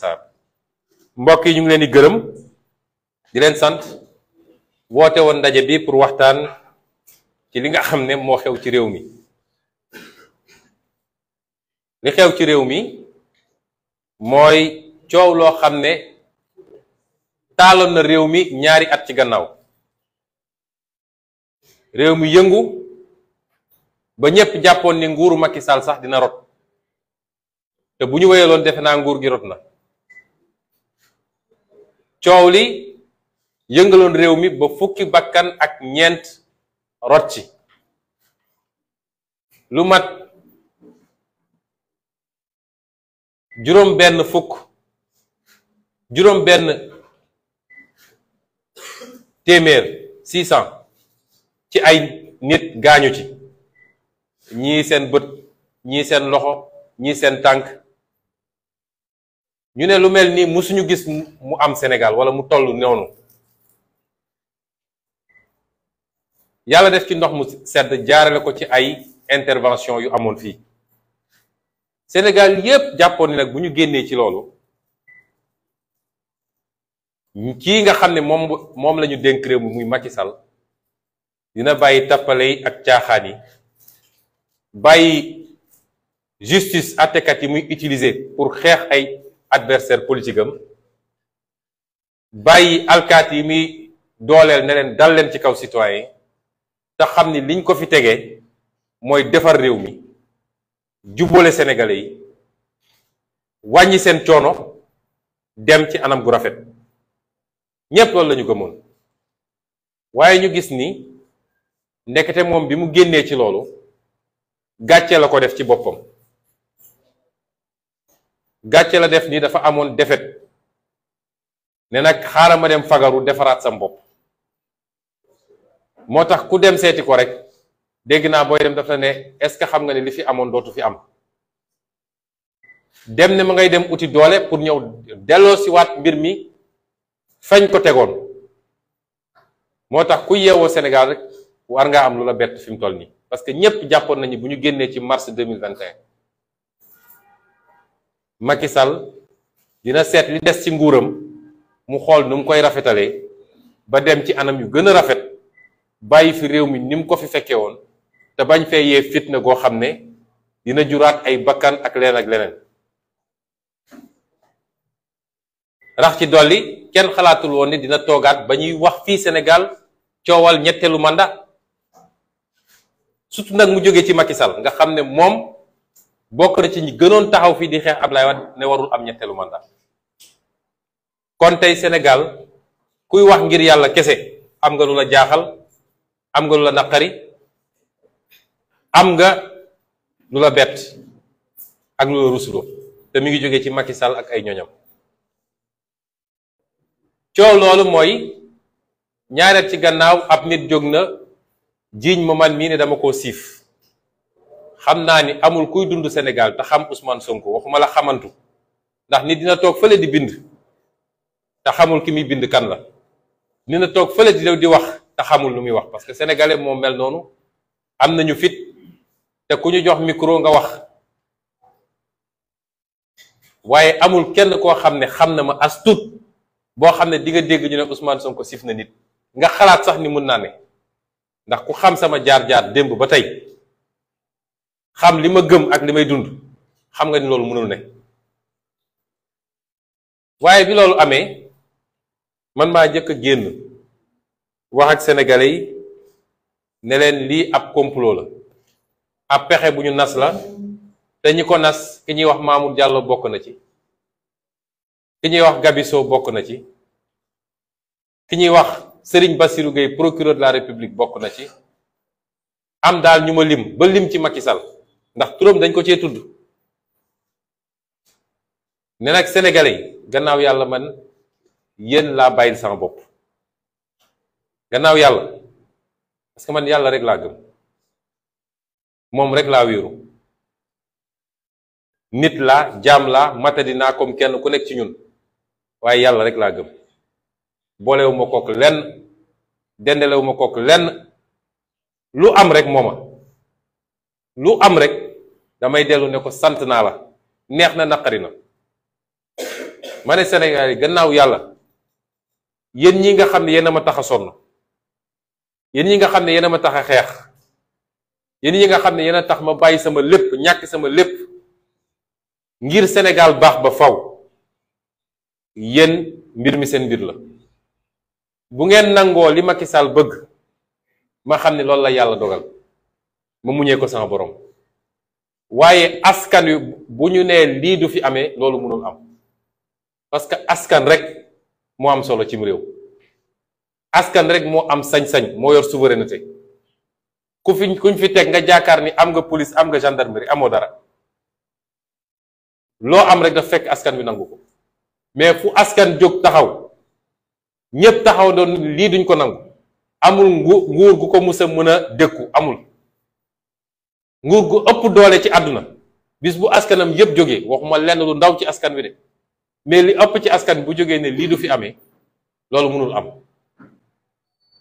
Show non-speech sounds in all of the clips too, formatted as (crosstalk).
Sarr mbokk yi ñu ngi leen di gërëm di leen sant woote woon ndaje bi pour waxtaan ci li nga xam ne moo xew ci réew mi li xew ci réew mi mooy coow loo xam ne taaloon na réew mi ñaari at ci gannaaw réew mi yëngu ba ñépp jàppoon ni nguuru Macky Sall sax dina rot te bu ñu loon defe naa nguur gi rot na coow li yëngaloon réew mi ba fukki bakkan ak ñeent rot ci lu mat juróom benn fukk juróom benn téeméer six ci ay nit gaañu ci ñii seen bët ñi seen loxo ñi seen tànk ñu ne lu mel nii musuñu gis mu am Sénégal wala mu toll noonu yàlla def ci ndox mu sedd jaarale ko ci ay intervention yu amoon fii Sénégal yépp jàppoon ni nag bu ñu génnee ci loolu kii nga xam ne moom moom la ñu dénk réew mi muy Macky Sall dina bàyyi tappale yi ak caaxaan yi bàyyi justice àttekat yi muy utiliser pour xeex ay adversaire politique bàyyi alkaat yi muy dooleel ne leen dal leen ci kaw citoyen te xam ni liñ ko fi tege mooy defar réew mi jubale sénégalais yi wàññi seen coono dem ci anam gu rafet ñépp loolu lañu gëmoon waaye ñu gis ni ndekkete moom bi mu génnee ci loolu gàccee la ko def ci boppam gàccee la def nii dafa amoon defet ne nag xaaral ma dem fagaru defaraat sam bopp moo tax ku dem seeti ko rek dégg naa booy dem dafa ne est-ce que xam nga ne li fi amoon dootu fi am dem ne ma ngay dem uti doole pour ñëw delloo si waat mbir mi fañ ko tegoon moo tax ku yeewoo Sénégal rek war ngaa am lu la bett fi mu toll nii parce que ñépp jàppoon nañu bu ñu génnee ci mars 2021 Macky Sall dina seet li des ci nguuram mu xool nu mu koy rafetalee ba dem ci anam yu gën a rafet bàyyi fi réew mi ni mu ko fi fekkee woon te bañ fee yee fitna goo xam ne dina juraat ay bakkan ak leen ak leneen rax ci dolli kenn xalaatul woon ni dina toogaat ba ñuy wax fii senegal coowal ñetteelu mandat surtout nag mu jóge ci makisal nga xam ne moom bokk na ci ñi gënoon taxaw fii di xeex Ablaye Wade ne warul am ñetteelu mandat kon tey senegal kuy wax ngir yàlla kese am nga lu la jaaxal am nga lu la naqari am nga lu la bett ak lu la rusuloo te mu ngi jóge ci Macky Sall ak ay ñoñam coow loolu mooy ñaareet ci gannaaw ab nit jóg na jiiñ ma man mii ne dama ko siif xam naa ni amul kuy dund Sénégal te xam Ousmane Sonko waxuma la xamantu ndax nit dina toog fële di bind te xamul ki muy bind kan la dina toog fële di di wax te xamul lu muy wax parce que sénégalais moo mel noonu am nañu fit te ku ñu jox micro nga wax waaye amul kenn koo xam ne xam na ma as tuut boo xam ne di nga dégg ñu ne Ousmane Sonko sif na nit nga xalaat sax ni mun naa ne ndax ku xam sama jaar-jaar démb ba tey. xam li ma gëm ak li may dund xam nga ni loolu mënul ne waaye bi loolu amee man maa njëkk a génn wax ak sénégalais yi ne leen lii ab complot la ab pexe bu ñu nas la te ñi ko nas ki ñuy wax Mamour Diallo bokk na ci ki ñuy wax Gabiso bokk na ci ki ñuy wax sëriñ Bassirou Gueye procureur la République bokk na ci am daal ñu ma lim ba lim ci Macky Sall ndax turam dañ ko cee tudd ne nag sénégalais gannaaw yàlla man yéen laa bàyyil sama bopp gannaaw yàlla parce man yàlla rek laa gëm moom rek laa wéeru nit laa jaam laa matadi naa comme kenn ku nekk ci ñun waaye yàlla rek laa gëm boolewuma kook lenn dendelewuma kook lenn lu am rek mooma lu am rek damay dellu ne ko sant naa la neex na naqari na ma ne yi gannaaw yàlla yéen ñi nga xam ne yéen a ma tax a sonn yéen ñi nga xam ne yéen a ma tax a xeex yéen ñi nga xam ne yéen tax ma bàyyi sama lépp ñàkk sama lépp ngir Sénégal baax ba faw yéen mbir mi seen mbir la bu ngeen nangoo li Macky Sall bëgg ma xam ne loolu la yàlla dogal ma muñee ko sama borom waaye askan wi bu ñu nee lii du fi amee loolu mënul am parce que askan rek moo am solo cim réew askan rek moo am sañ-sañ moo yor souveraineté ku fi kuñ fi teg nga jaakaar ni am nga police am nga gendarmerie amoo dara loo am rek daf fekk askan wi nangu ko mais fu askan jóg taxaw ñépp taxaw doon lii duñ ko nangu amul nguur gu ko mus a mën a dëkku amul nguur gu ëpp doole ci àdduna bis bu askanam yëpp jógee waxuma lenn lu ndaw ci askan wi de mais li ëpp ci askan bu jógee ne lii du fi amee loolu mënul am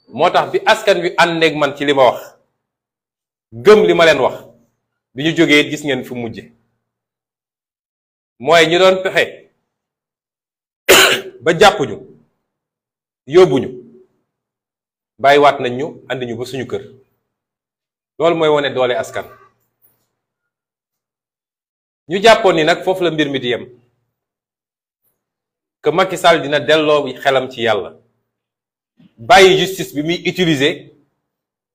moo tax bi askan wi àndeeg man ci li ma wax gëm li ma leen wax bi ñu jógee gis ngeen fi mujje mooy ñu doon pexe (coughs) ba jàpp ñu yóbbu ñu bàyyiwaat nañ ñu andi ñu ba suñu kër loolu mooy wane doole askan ñu jàppoon ni nag foofu la mbir mi di yem que dina delloo xelam ci yàlla bàyyi justice bi muy utiliser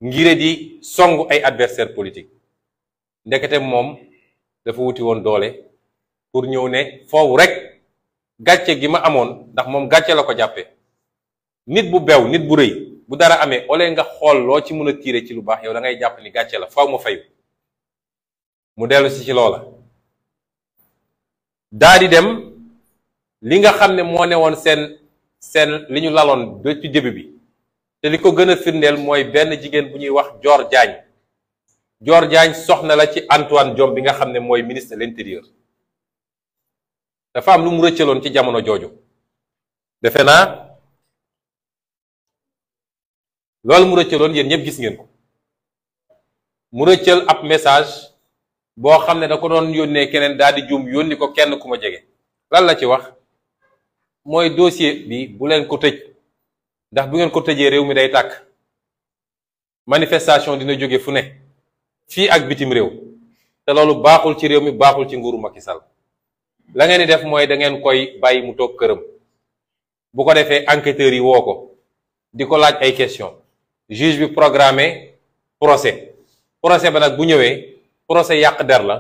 ngir di songu ay adversaire politique ndekete moom dafa wuti woon doole pour ñëw ne foofu rek gàcce gi ma amoon ndax moom gàcce la ko jàppe nit bu beew nit bu rëy bu dara amee ole nga xool loo ci mën a tiire ci lu baax yow da ngay jàpp ni gàcce la faw ma fayu mu dellu si ci loola daadi dem li nga xam ne moo newoon seen seen li ñu laloon ci début bi te li ko gën a firndeel mooy benn jigéen bu ñuy wax joor jaañ joor jaañ soxna la ci Antoine Diome bi nga xam ne mooy ministre de l'intérieur dafa am lu mu rëccaloon ci jamono jooju defe naa loolu mu rëccaloon yéen ñëpp gis ngeen ko mu rëccal ab message boo xam ne da ko doon yónnee keneen daal di juum yónni ko kenn ku ma jege lan la ci wax mooy dossier bi bu leen ko tëj ndax bu ngeen ko tëjee réew mi day tàkk manifestation dina jóge fu ne fii ak bitim réew te loolu baaxul ci réew mi baaxul ci nguuru Macky la ngeen di def mooy da ngeen koy bàyyi mu toog këram bu ko defee enquêteurs yi woo ko di ko laaj ay question juge bi programme procès procès ba nag bu ñëwee procès yàq der la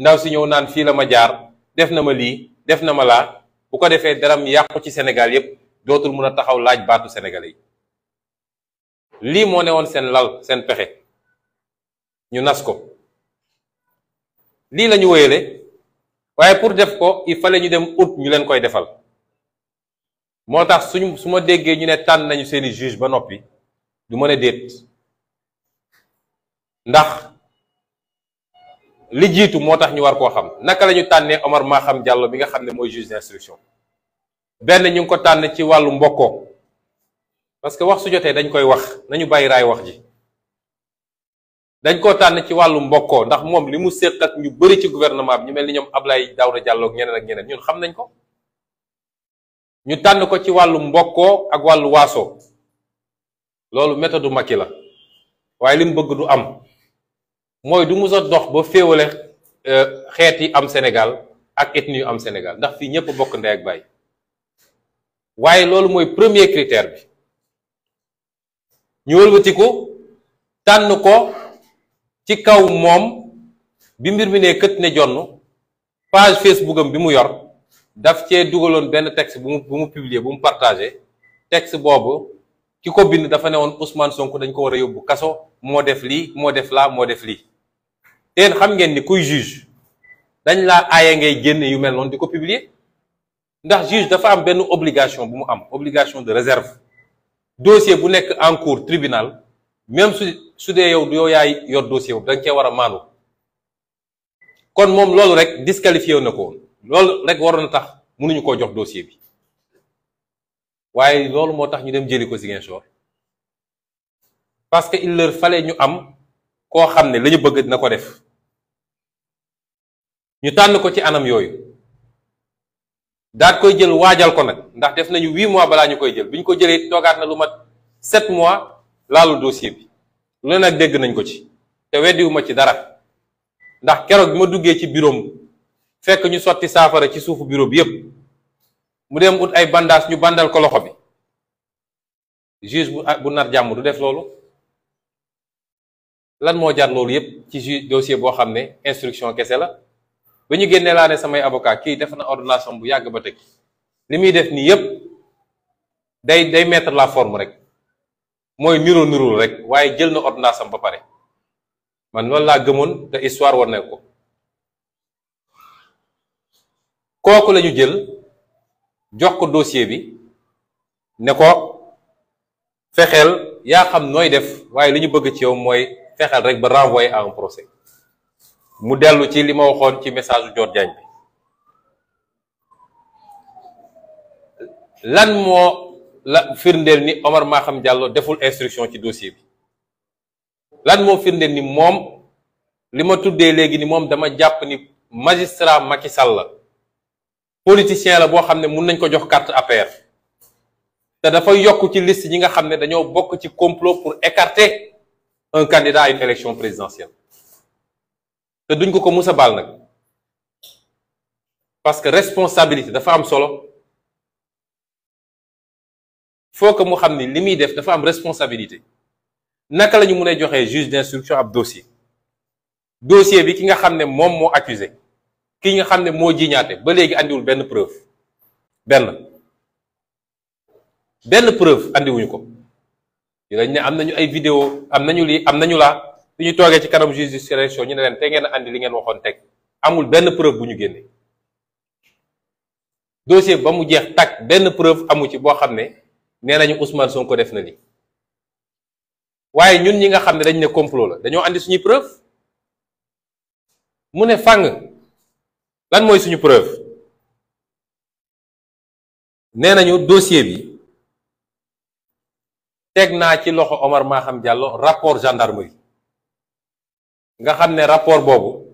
ndaw si ñëw naan fii la ma jaar def na ma lii def na ma laa bu ko defee deram yàqu ci Sénégal yépp dootul mën a taxaw laaj baatu sénégalais yi lii moo ne woon seen lal seen pexe ñu nas ko lii lañu ñu wéyale waaye pour def ko il fallait ñu dem ut ñu leen koy defal moo tax suñu su ma déggee ñu ne tànn nañu seeni juge ba noppi du mën a déet ndax li jiitu moo tax ñu war koo xam naka la ñu tànnee Omar Maham Diallo bi nga xam ne mooy juge d'instruction benn ñu ngi ko tànn ci wàllu mbokkoo parce que wax su jotee dañ koy wax nañu bàyyi raay wax ji dañ koo tànn ci wàllu mbokkoo ndax moom li mu séq ak ñu bëri ci gouvernement bi ñu mel ni ñoom ab Ablaye Daouda Diallo ak ñeneen ak ñeneen ñun xam nañ ko ñu tànn ko ci wàllu mbokkoo ak wàllu waaso loolu méthode Macky la waaye li mu bëgg du am mooy du mus a dox ba féewale euh, xeet yi am Sénégal ak ethnie yu am Sénégal ndax fii ñëpp bokk ndey ak baay waaye loolu mooy premier critère bi ñu wëlbatiku tànn ko ci kaw moom bi mbir mi ne kët ne jonn page Facebook am bi mu yor daf cee dugaloon benn texte bu mu bu mu publier bu mu partagé texte boobu ki ko bind dafa ne woon Ousmane sonk dañ ko war a yóbbu kaso moo def lii moo def laa moo def lii te xam ngeen ni kuy juge dañ laa aaye ngay génne yu mel noonu di ko publier ndax juge dafa am benn obligation bu mu am obligation de réserve dossier bu nekk en cours tribunal même su su dee yow yow yaay yor dossier boobu da nga cee war a maandu kon moom loolu rek disqualifié na ko loolu rek waroon na tax mënuñu koo jox dossier bi waaye loolu moo tax ñu dem jëli ko Ziguinchor parce que il ñu am. koo xam ne lañu bëgg dina ko def ñu tànn ko ci anam yooyu daat koy jël waajal ko nag ndax def nañu huit mois balaa ñu koy jël bi ñu ko jëlee toogaat na lu mat sept mois laalu dossier bi lu ne nag dégg nañ ko ci te weddiwuma ci dara ndax keroog bi ma duggee ci bureau fekk ñu sotti saafara ci suufu bureau bi yépp mu dem ut ay bandage ñu bandal ko loxo bi juge bu bu nar jàmm du def loolu lan moo jar loolu yëpp ci ju dossier boo xam ne instruction kese la ba ñu génnee laa ne samay avocat kii def na ordonnance bu yàgg ba teg li muy def nii yëpp day day mettre la forme rek mooy niroo niroo rek waaye jël na ordonnance ba pare man loolu laa gëmoon te histoire war na ko kooku lañu jël jox ko dossier bi ne ko fexeel yaa xam nooy def waaye li ñu bëgg ci yow mooy. fexeel rek ba renvoyer à procès mu dellu ci li ma waxoon ci message u Dior Diagne bi lan moo firndeel ni Omar Maham Diallo deful instruction ci dossier bi lan moo firndeel ni moom li ma tuddee léegi ni moom dama jàpp ni magistrat Macky Sall la politicien la boo xam ne mun nañ ko jox kart APR te dafa yokk ci liste ñi nga xam ne dañoo bokk ci complot pour écarter un candidat à une élection présidentielle te duñ ko ko musa baal nag parce que responsabilité dafa am solo foo ko mu xam ni li muy def dafa am responsabilité naka lañu ñu mën a joxee juge d'instruction ab dossier dossier bi ki nga xam ne moom moo accusé ki nga xam ne moo jiñaate ba léegi andiwul benn preuve benn benn preuve andiwuñu ko dañ ne am nañu ay video am nañu lii am nañu la su ñu toogee ci kanam juge d'instruction ñu ne leen te ngeen a andi li ngeen waxoon teg amul benn preuve bu ñu génnee dossier ba mu jeex takk benn preuve amu ci boo xam ne nee nañu Ousmane ko def na lii waaye ñun ñi nga xam ne dañ ne complot la dañoo andi suñuy preuve mu ne fàng lan mooy suñu preuve nee nañu dossier bi teg naa ci loxo Omar Maham Diallo rapport gendarmerie nga xam ne rapport boobu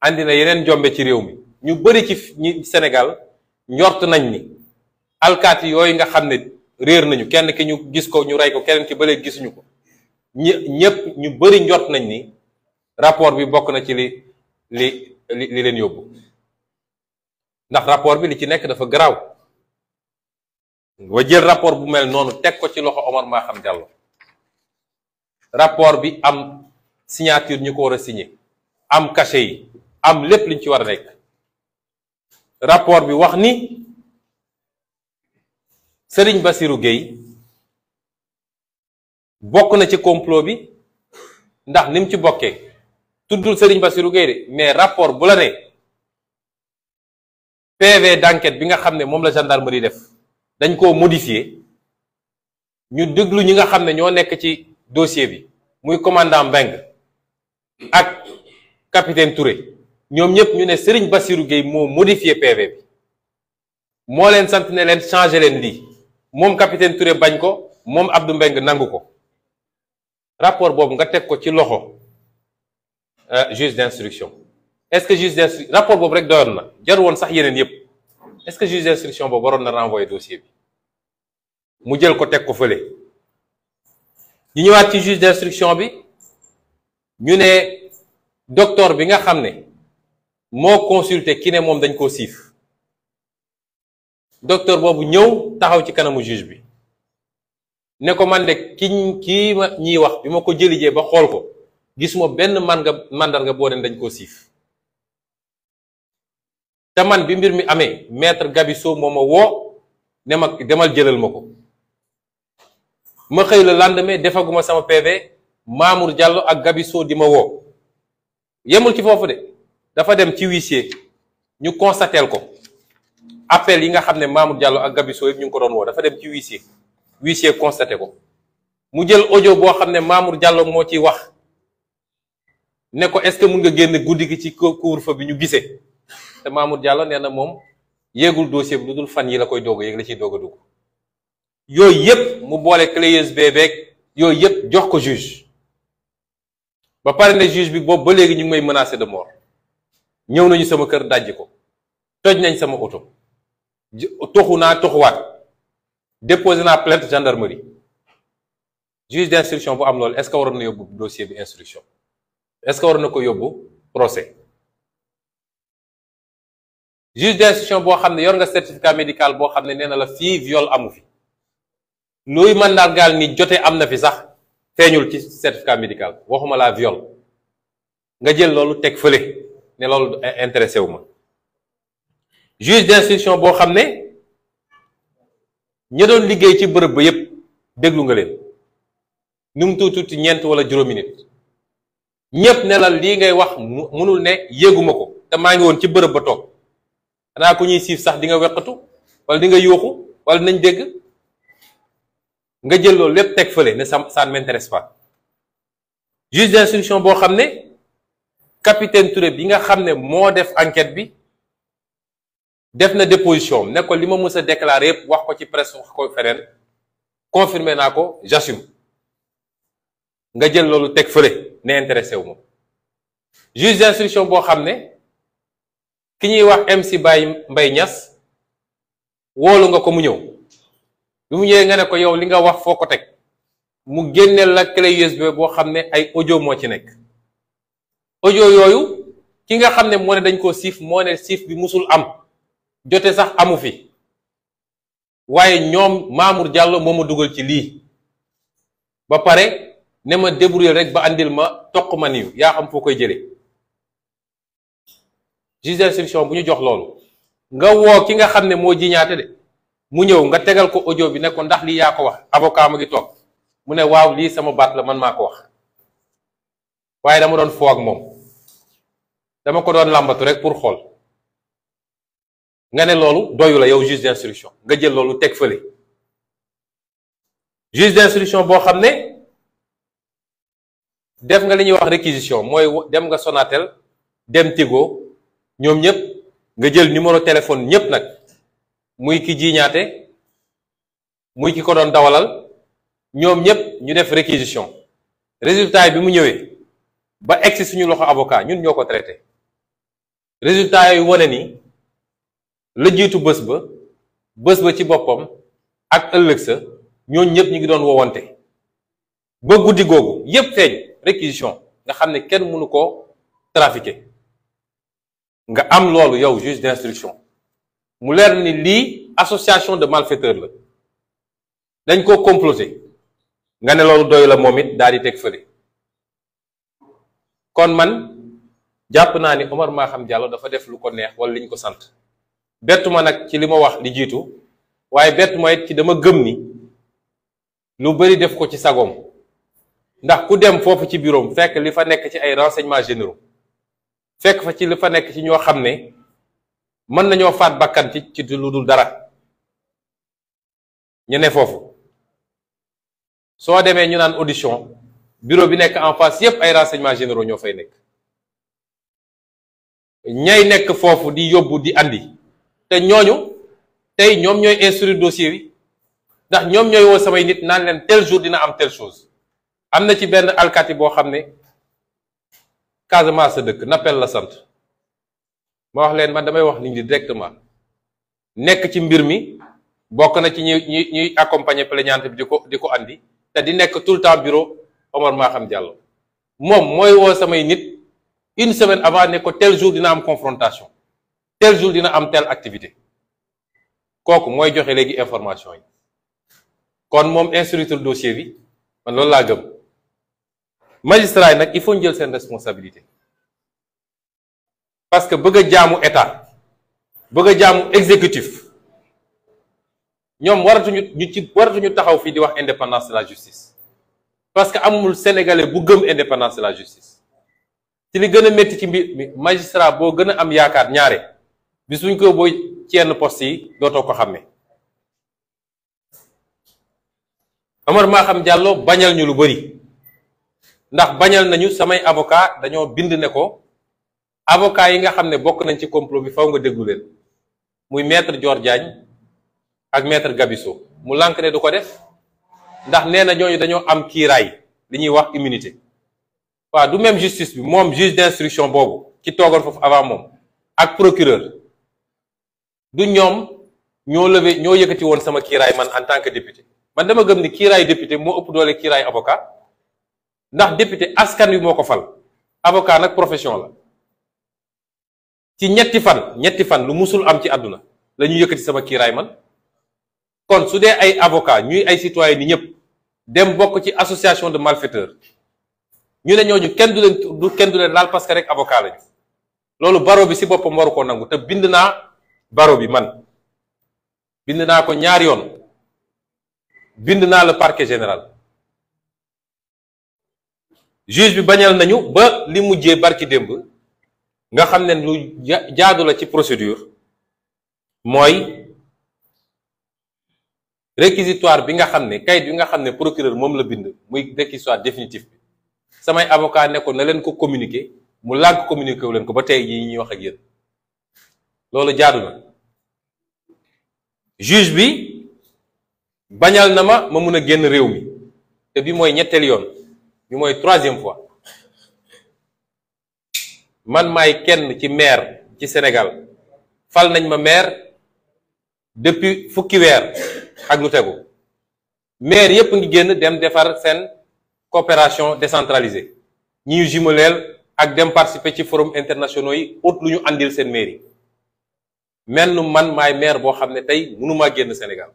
andi na yeneen jombe ci réew mi ñu bari ci ñi Sénégal njort nañ ni alkaati yooyu nga xam ne réer nañu kenn ki ñu gis ko ñu rey ko keneen ki ba léegi gisuñu ko ñi ñëpp ñu bari njort nañ ni rapport bi bokk na ci li li li leen yóbbu ndax rapport bi li ci nekk dafa garaaw. nga jël rapport bu mel noonu teg ko ci loxo Omar Maham Diallo rapport bi am signature ñu ko war a signé am cachet yi am lépp liñ ci war a nekk rapport bi wax ni sëriñ Bassirou géey bokk na ci complot bi ndax ni ci bokkee tuddul Serigne Bassirou Gueye de mais rapport bu la ne PV d'enquête bi nga xam ne moom la di def. dañ koo modifier ñu déglu ñi nga xam ne ñoo nekk ci dossier bi muy commandant Mbengue ak capitaine toure ñoom ñëpp ñu ne Serigne Bassirou Gueye moo modifié PV bi moo leen sant ne leen changé leen lii moom capitaine Touré bañ ko moom Abdou Mbengue nangu ko rapport boobu nga teg ko ci loxo euh, juge d'instruction est-ce que juge d'instruction rapport boobu rek doyoon na jaruwoon woon sax yeneen yëpp. est-ce que juge d'instruction boobu waroon na renvoyer dossier bi mu jël ko teg ko fële ñu ñëwaat ci juge d'instruction bi ñu ne docteur bi nga xam ne moo consulté ki ne moom dañ koo siif docteur boobu ñëw taxaw ci kanamu juge bi ne ko man de ki kii ma ñiy wax bi ma ko jëlijee ba xool ko gis gisuma benn man nga mandarga boo den dañ koo siif te man bi mbir mi amee maître Gabisso moo ma woo ne ma demal jëlal ma ko ma xëy la lendemain defaguma sama PV Mamour Diallo ak Gabisso di ma woo yemul ci foofu de dafa dem ci huissier ñu constateel ko appel yi nga xam ne Mamour Diallo ak gabiso yëpp ñu ngi ko doon woo dafa dem ci huissier huissier constaté ko mu jël ojo boo xam ne Mamour Diallo moo ciy wax ne ko est-ce que mun nga génn guddi gi ci couvre fa bi ñu gisee te Mamour Diallo nee na moom yéegul dossier bi lu dul fan yi la koy doog a yéeg la ciy doog a yooyu yëpp mu boole clé USB beeg yooyu yëpp jox ko juge ba pare ne juge bi boobu ba léegi ñu ngi may menacé de mort ñëw nañu sama kër dàjj ko toj nañ sama oto toxu naa toxuwaat déposé naa plainte gendarmerie juge d'instruction bu am loolu est-ce que waroon na yóbbu dossier bi instruction est-ce que waroon na ko yóbbu procès juge d'instruction boo xam ne yor nga certificat médical boo xam ne nee na la fii viol amu fi luy mandargaal ni jote am na fi sax feeñul ci certificat médical waxuma laa viol nga jël loolu teg fële ne loolu intéressé wu ma juge boo xam ne ña doon liggéey ci bërëb ba yépp déglu nga leen nu mu tuuti tuuti ñeent wala juróomi nit ñépp ne la lii ngay wax mu munul ne yéeguma ko te maa ngi woon ci bërëb ba toog xanaa ku ñuy siif sax di nga weqatu wala di nga yuuxu wala nañ dégg nga jël loolu lépp teg fële ne ça ça ne m'intéresse pas boo xam ne capitaine Touré yi nga xam ne moo def enquête bi def na déposition ne li ma mës a déclaré yëpp wax ko ci presse wax ko feneen confirmé naa ko j'assume nga jël loolu teg fële ne intéressé wu ma juge d'instruction boo xam ne. ki ñuy wax si Baye mbay ñas woolu nga ko mu ñëw bi mu ñëwee nga ne ko yow li nga wax foo ko teg mu génneel la clé USB boo xam ne ay audio moo ci nekk audio yooyu ki nga xam ne moo ne dañ koo siif moo ne siif bi musul am jote sax amu fi waaye ñoom Mamour Diallo moo ma dugal ci lii ba pare ne ma débrouiller rek ba andil ma toq ma niw yaa xam foo koy jëlee juge d'instruction bu ñu jox loolu nga woo ki nga xam ne moo jiñaate de mu ñëw nga tegal ko ojo bi ne ko ndax lii yaa ko wax avocat mu ngi toog mu ne waaw lii sama baat la man maa ko wax waaye dama doon foo ak moom dama ko doon làmbatu rek pour xool nga ne loolu doyu la yow juge d'instruction nga jël loolu teg fële juge d'instruction boo xam ne def nga li ñuy wax réquisition mooy dem nga Sonatel dem Tigo ñoom ñëpp nga jël numéro téléphone ñëpp nag muy ki jiiñaate muy ki ko doon dawalal ñoom ñëpp ñu def réquisition résultat bi mu ñëwee ba egsi suñu loxo avocat ñun ñoo ko traité résultat yi wane ni la jiitu bés ba bés ba ci boppam ak ëllëg sa ñooñu ñëpp ñu ngi doon wowante ba guddi googu yëpp feeñ réquisition nga xam ne kenn mënu ko trafiqué nga am loolu yow juge d'instruction mu leer ni lii association de malfaiteurs la dañ koo comploter nga ne loolu doy la moom it daal di teg fële kon man jàpp naa ni maa xam Diallo dafa def lu ko neex wala liñ ko sant bettu ma nag ci li ma wax li jiitu waaye bettu ma it ci dama gëm ni lu bari def ko ci sagoom ndax ku dem foofu ci bureau fekk li fa nekk ci ay renseignements généro fekk fa ci li fa nekk ci ñoo xam ne mën nañoo faat bakkan ci lu dul dara ñu ne foofu soo demee ñu naan audition bureau bi nekk en face yépp ay renseignements généro ñoo fay nekk ñay nekk foofu di yóbbu di indi te ñooñu tey ñoom ñooy instruire dossier bi ndax ñoom ñooy woo samay nit naan leen tell jour dina am telle chose am na ci benn alkaati boo xam ne Casamance sa dëkk Nappel la sant ma wax leen man damay wax nit ñi directement nekk ci mbir mi bokk na ci ñuy ñuy ñuy accompagner plaignante bi di ko di ko andi te di nekk tout le temps bureau Omar Maham Diallo moom mooy woo samay nit une semaine avant ne ko tel jour dina am confrontation tel jour dina am telle activité kooku mooy joxe léegi information yi kon moom instruire dossier bi man loolu laa gëm. magistrat yi nag il faut ñu jël seen responsabilité parce que bëgg a jaamu état bëgg a jaamu exécutif ñoom waratuñu ñu ci waratuñu taxaw fii di wax indépendance de la justice parce que amul sénégalais bu gëm indépendance de la justice ci li gën a métti ci mbir mi magistrat boo gën a am yaakaar ñaare bi suñ ko booy ci yenn post yi dootoo ko xàmmee Omar Maham Diallo bañal ñu lu bëri ndax bañal nañu samay avocat dañoo bind ne ko avocat yi nga xam ne bokk nañ ci complot bi faw nga déglu leen muy maître Dior Diagne ak maître gabiso mu lànk ne du ko def ndax nee na ñooñu dañoo am kiiraay li ñuy wax immunité waaw du même justice bi moom juge d'instruction boobu ci toogoon foofu avant moom ak procureur du ñoom ñoo levé ñoo yëkkati woon sama kiiraay man en tant que député man dama gëm ni kiiraayu député moo ëpp doole kiiraayu avocat ndax député askan wi moo ko fal avocat nag profession la ci ñetti fan ñetti fan lu musul am ci àdduna la ñuy yëkkati sama kiiraay man kon su dee ay avocat ñuy ay citoyen ni ñëpp dem bokk ci association de malfaiteurs ñu ne ñooñu kenn du leen du kenn du leen laal parce que rek avocat lañu loolu baro bi si boppam waru koo nangu te bind naa baro bi man bind naa ko ñaar yoon bind naa le parquet général juge bi bañal nañu ba li mujjee barki démb nga xam ne lu jaadu la ci procédure mooy réquisitoire bi nga xam ne kayit bi nga xam ne procureur moom la bind muy réquisitoire définitif bi samay avocat ne ko na leen ko communiquer mu lànk communiquer wu leen ko ba tey yi ñuy wax ak yéen loolu jaadu na juge bi bañal na ma ma mun a génn réew mi te bi mooy ñetteel yoon bi mooy troisième fois man maay kenn ci maire ci Sénégal fal nañ ma maire depuis fukki weer ak lu tegu maire yépp ngi génn dem defar seen coopération décentralisée ñi ñu jumeleel ak dem participer ci forum internationaux yi ut lu ñu àndil seen mairie menn man maay maire boo xam ne tey mënumaa génn Sénégal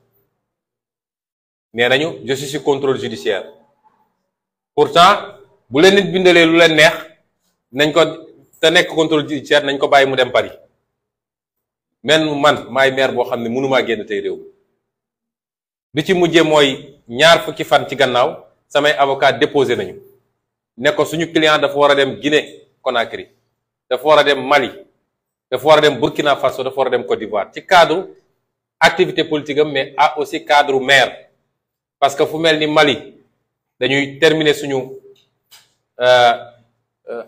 nee nañu je suis sous contrôle judiciaire pourtant bu leen nit bindalee lu leen neex nañ ko te nekk contrôle judiciaire nañ ko bàyyi mu dem Paris mu man maay maire boo xam ne mënumaa génn tey réew bi ci mujjee mooy ñaar fukki fan ci gannaaw samay avocat déposé nañu ne suñu client dafa war a dem Guinée Conakry dafa war a dem Mali dafa war a dem Burkina Faso dafa war a dem Côte d'Ivoire ci cadre activité politique am mais a aussi cadre maire parce fu mel ni Mali dañuy terminer suñu euh,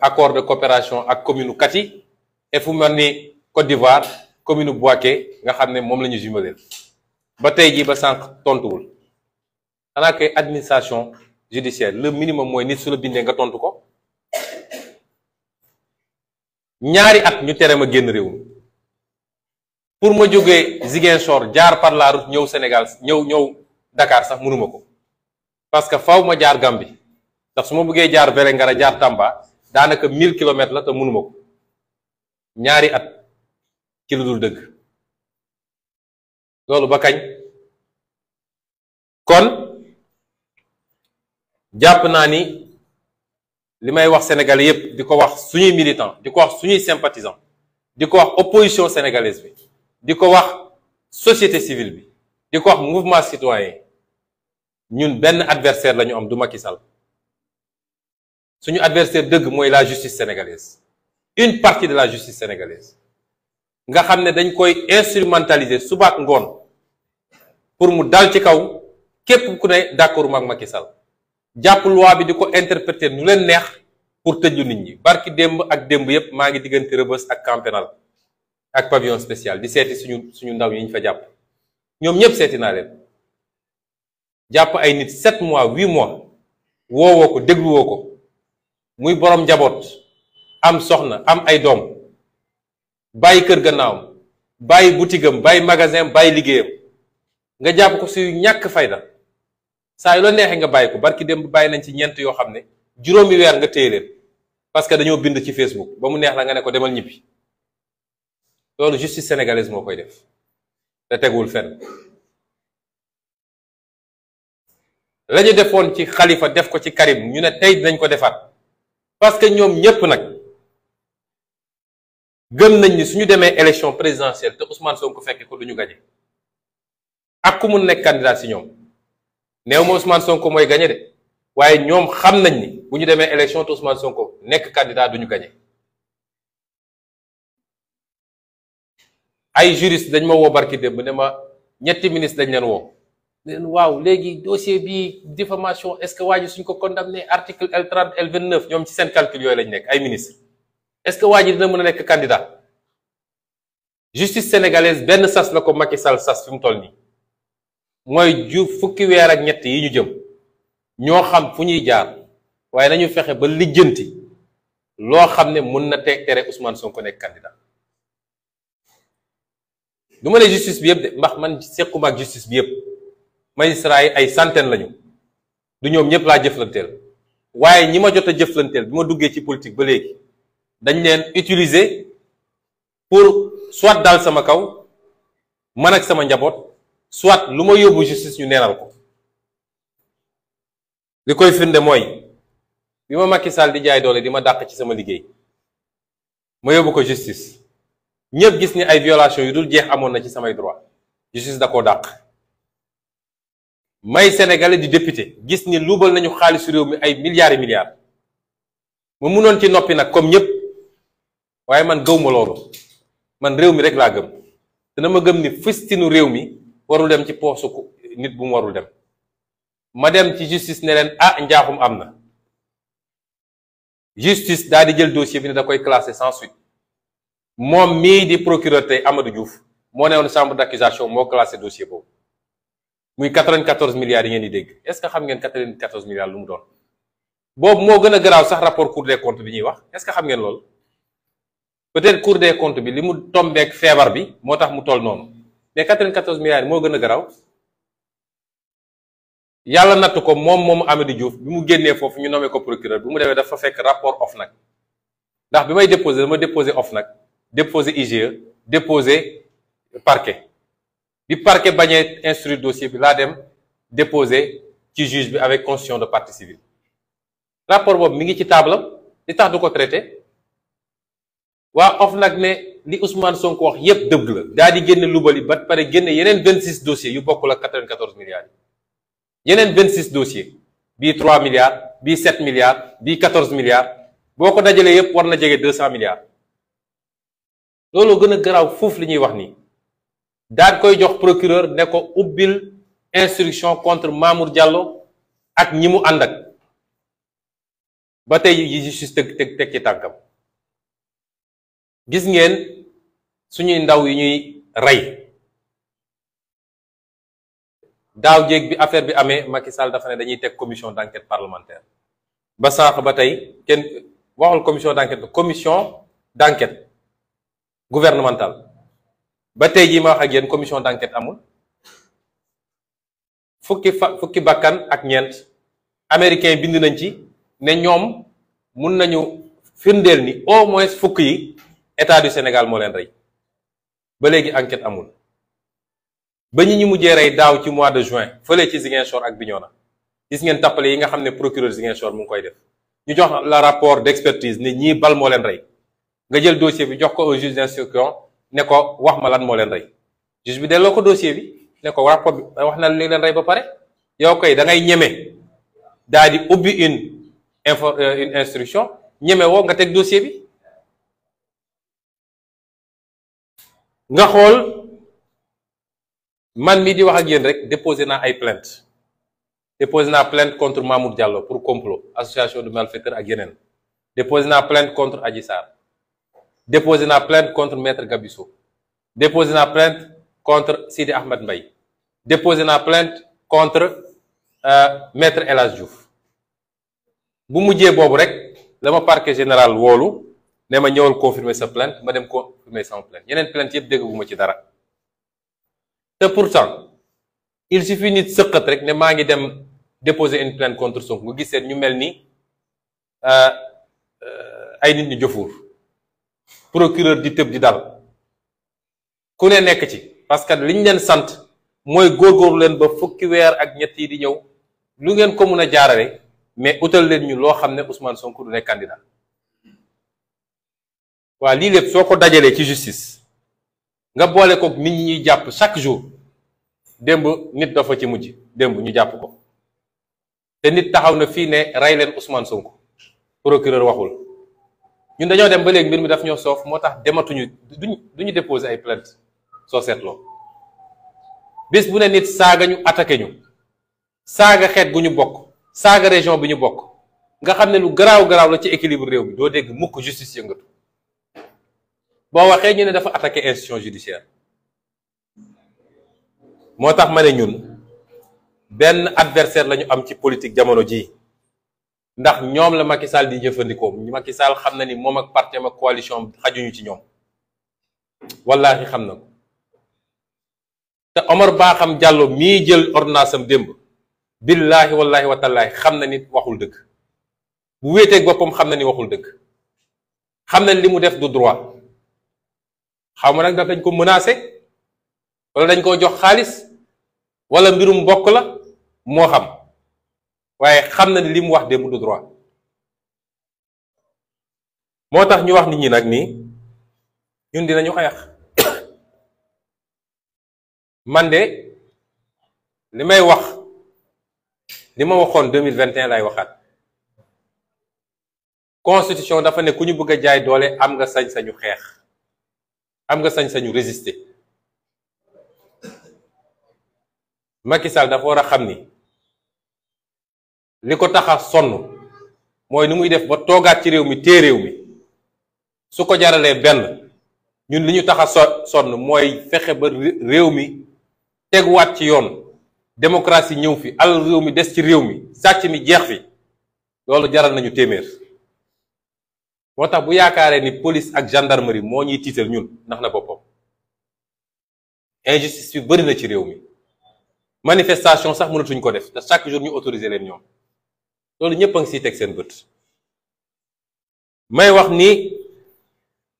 accord de coopération ak commune Kati et fu mel ni Côte d'Ivoire commune Bouaké nga xam ne moom la ñu jumelé ba tey jii ba sànq tontuwul xanaa kay administration judiciaire le minimum mooy nit su la bindee nga tontu ko ñaari at ñu tere ma génn réew mi pour ma jógee Ziguinchor jaar par ñëw Sénégal ñëw ñëw dakaar sax mënuma ko. parce que faw ma jaar Gàmbi ndax su ma buggee jaar Vélingara jaar Tamba daanaka 1000 kilomètres la te mënuma ko ñaari at ci lu dul dëgg loolu ba kañ kon jàpp naa ni li may wax sénégalais yépp di ko wax suñuy militant di ko wax suñuy sympathisant di ko wax opposition sénégalaise bi di ko wax société civile bi di ko wax mouvement citoyen ñun benn adversaire la ñu am du Macky Sall suñu adversaire dëgg mooy la justice sénégalaise une partie de la justice sénégalaise nga xam ne dañ koy instrumentaliser suba ngoon pour mu dal ci kaw képp ku ne d'accord ak Macky Sall jàpp loi bi di ko interpréter nu leen neex pour tëju nit ñi barki démb ak démb yépp maa ngi diggante Rebeuss ak camp pénal ak pavillon spécial di seeti suñu suñu ndaw yi ñu fa jàpp ñoom ñëpp seeti naa leen. jàpp ay nit set mois huit mois woowoo ko dégluwoo ko muy boroom njaboot am soxna am ay doom bàyyi kër gannaaw bàyyi butigam bàyyi magasin bàyyi liggéeyam nga jàpp ko suy ñàkk fayda saa yu la neexee nga bàyyi ko barki démb bàyyi nañ ci ñent yoo xam ne juróomi weer nga téye leen parce que dañoo bind ci Facebook ba mu neex la nga ne ko demal ñibbi loolu justice sénégalaise moo koy def te teguwul fenn la ñu defoon ci xalifa def ko ci Karim ñu ne tey dinañ ko defaat parce que ñoom ñépp nag gëm nañ ni suñu demee élection présidentielle te Ousmane Sonko fekkee ko duñu gañe ak ku mu nekk candidat si ñoom néew ma Ousmane Sonko mooy gañe de waaye ñoom xam nañ ni bu ñu demee élection te Ousmane Sonko nekk candidat duñu gañe ay juriste dañ ma woo barki démb ne ma ñetti ministre dañ leen woo leen waaw léegi dossier bi diffamation est-ce que waa suñ ko condamné article L 30 L 29 ñoom ci seen calcul yooyu lañ nekk ay ministre est-ce que waa ji mën a nekk candidat justice sénégalaise benn sas la ko Macky Sall sas fi mu toll nii mooy ju fukki weer ak ñett yi ñu jëm ñoo xam fu ñuy jaar waaye nañu fexe ba lijjanti loo xam ne mën na teg tere Ousmane ko nekk candidat du ma ne justice bi yëpp de ndax man sequma ak justice bi yëpp. magistrats yi ay centaine lañu du ñoom ñëpp laa jëflanteel waaye ñi ma jot a jëflanteel bi ma duggee ci politique ba léegi dañ leen utiliser pour soit daal sama kaw man ak sama njaboot soit lu ma yóbbu justice ñu neenal ko li koy firnde mooy bi ma makki Sall di jaay doole di ma dàq ci sama liggéey ma yóbbu ko justice ñëpp gis ni ay violation yu dul jeex amoon na ci samay droit justice da koo dàq may sénégalais di député gis ni luubal nañu xaalisu réew mi ay milliards et milliards ma munoon ci noppi nag comme ñëpp waaye man gëw loolu man réew mi rek laa gëm dana ma gëm ni fistinu réew mi warul dem ci poosu nit bu mu warul dem ma dem ci justice ne leen ah njaaxum am na justice daa di jël dossier bi ne da koy classé sans suite moom mii di procureur tey Amadou Diouf moo newoon chambre d' accusation moo classé dossier boobu muy 94 milliards yi ngeen di dégg est-ce que xam ngeen 94 milliards lu mu doon boobu moo gën a garaaw sax rapport cour des comptes bi ñuy wax est-ce que xam ngeen loolu peut-être cour des comptes bi li mu tombeek feebar bi moo tax mu toll noonu mais 94 milliards yi moo gën a garaaw yàlla natt ko moom moom Amady Diouf bi mu génnee foofu ñu nommé ko procureur bi mu demee dafa fekk rapport OFNAC ndax bi may déposé dama déposé OFNAC déposé IGE déposé parquet bi parquet bañee instruire dossier bi laa dem déposé ci juge bi avec constitution de partie civile rapport boobu mi ngi ci table li tax du ko traité waa of nag ne li Ousmane Sonko wax yépp dëgg la daa di génne lubali ba pare génne yeneen 26 dossiers yu bokkul ak 94 milliards yi yeneen 26 dossiers bii 3 milliards bii 7 milliards bii 14 milliards boo ko dajalee yépp war na jege 200 milliards loolu gën a garaaw foofu li ñuy wax nii daan koy jox. procureur ne ko ubbil instruction contre Mamour Diallo ak ñi mu ànd ak ba tey yi justice teg teg ci tànkam gis ngeen suñuy ndaw yi ñuy rey daaw jéeg bi affaire bi amee Macky Sall dafa ne dañuy teg commission d'enquête parlementaire ba sànq ba tey kenn waxul commission d'enquête commission d'enquête gouvernementale ba tey jii ma wax ak yéen commission d'enquête amul fukki fa fukki bakkan ak ñeent américain bind nañ ci ne ñoom mun nañu firndeel ni au moins fukk yi état du Sénégal moo leen rey ba léegi enquête amul ba ñi ñu mujjee rey daaw ci mois de juin fële ci Ziguinchor ak Bignona gis ngeen tappale yi nga xam ne procureur Ziguinchor mu ngi koy def ñu jox la rapport d'expertise ne ñii bal moo leen rey nga jël dossier bi jox ko au juge d'instruction ne ko wax ma lan moo leen rey juge bi delloo ko dossier bi ne ko rapport bi wax na li leen rey ba pare yow koy dangay ñeme daa di ubbi une info euh, une instruction ñeme woo nga teg dossier bi nga xool man mii di wax ak yéen rek déposé naa ay plainte déposé naa plainte contre Mamour Diallo pour complot association de malfaiteurs ak yeneen déposé naa plainte contre Adji Sarr déposé naa plainte contre maître Gabisso déposé naa plainte contre Sidi Ahmed mbay déposé naa plainte contre euh, maître El Hadj bu mujjee boobu rek dama ma parquet général woolu ne ma ñëwal confirmer sa plainte ma dem confirmer sama plainte yeneen plainte yëpp dégg bu ma ci dara te pourtant il suffit nit sëqat rek ne maa ngi dem déposer une plainte contre Sonko nga gis seen ñu mel ni euh, euh, ay nit ñu jëfuur procureur di tëb di dal ku ne nekk ci parce que liñ leen sant mooy góor góorgóorlu leen ba fukki weer ak ñett yi di ñëw lu ngeen ko mun a jaarale mais utal leen ñu loo xam ne Ousmane Sonko du nekk candidat waa lii lépp soo ko dajalee ci justice nga boole ko nit ñi ñuy jàpp chaque jour démb nit dafa ci mujj démb ñu jàpp ko te nit taxaw na fii ne rey leen Ousmane Sonko procureur waxul. ñun dañoo dem ba léegi mbir mi daf ñoo soof moo tax dematuñu duñ duñu déposé ay plainte soo seetloo bis bu ne nit saaga ñu attaqué ñu saaga xeet gu ñu bokk saaga région bi ñu bokk nga xam ne lu garaaw garaaw la ci équilibre réew bi doo dégg mukk justice yëngatu boo waxee ñu ne dafa attaqué institution judiciaire moo tax ma ne ñun benn adversaire la ñu am ci politique jamono jii ndax ñoom la Macky Sall di jëfandikoo Macky Sall xam na ni moom ak parti am ak coalition xajuñu ci ñoom wallaahi xam na ko te Omar Ba xam mii jël ordonnance am démb billaahi wallaahi wataalaahi xam na ni waxul dëkk bu wéeteeg boppam xam na ni waxul dëkk xam na li mu def du droit xaw ma nag ndax dañ ko menacé wala dañ koo jox xaalis wala mbirum mbokk la moo xam waaye xam na ni li mu wax démb du droit moo tax ñu wax nit ñi nag nii ñun dinañu xeex (coughs) man de li may wax li ma waxoon deux mille vingt et un waxaat constitution dafa ne ku ñu bëgg a jaay doole am nga sañ-sañu xeex am nga sañ-sañu résister Macky Sall dafa war a xam ni. li ko tax sonn mooy ni muy def ba toogaat ci réew mi tée réew mi su ko jaralee benn ñun li ñu tax a so sonn mooy fexe ba réew mi teguwaat ci yoon démocratie ñëw fi alal réew mi des ci réew mi sàcc mi jeex fi loolu jaral nañu téeméer moo tax bu yaakaaree ni police ak gendarmerie moo ñuy tiital ñun ndax na boppam injustice bi bëri na ci réew mi manifestation sax mënatuñ ko def te chaque jour ñu autoriser leen ñoom loolu ñëpp a ngi siy teg seen bët may wax ni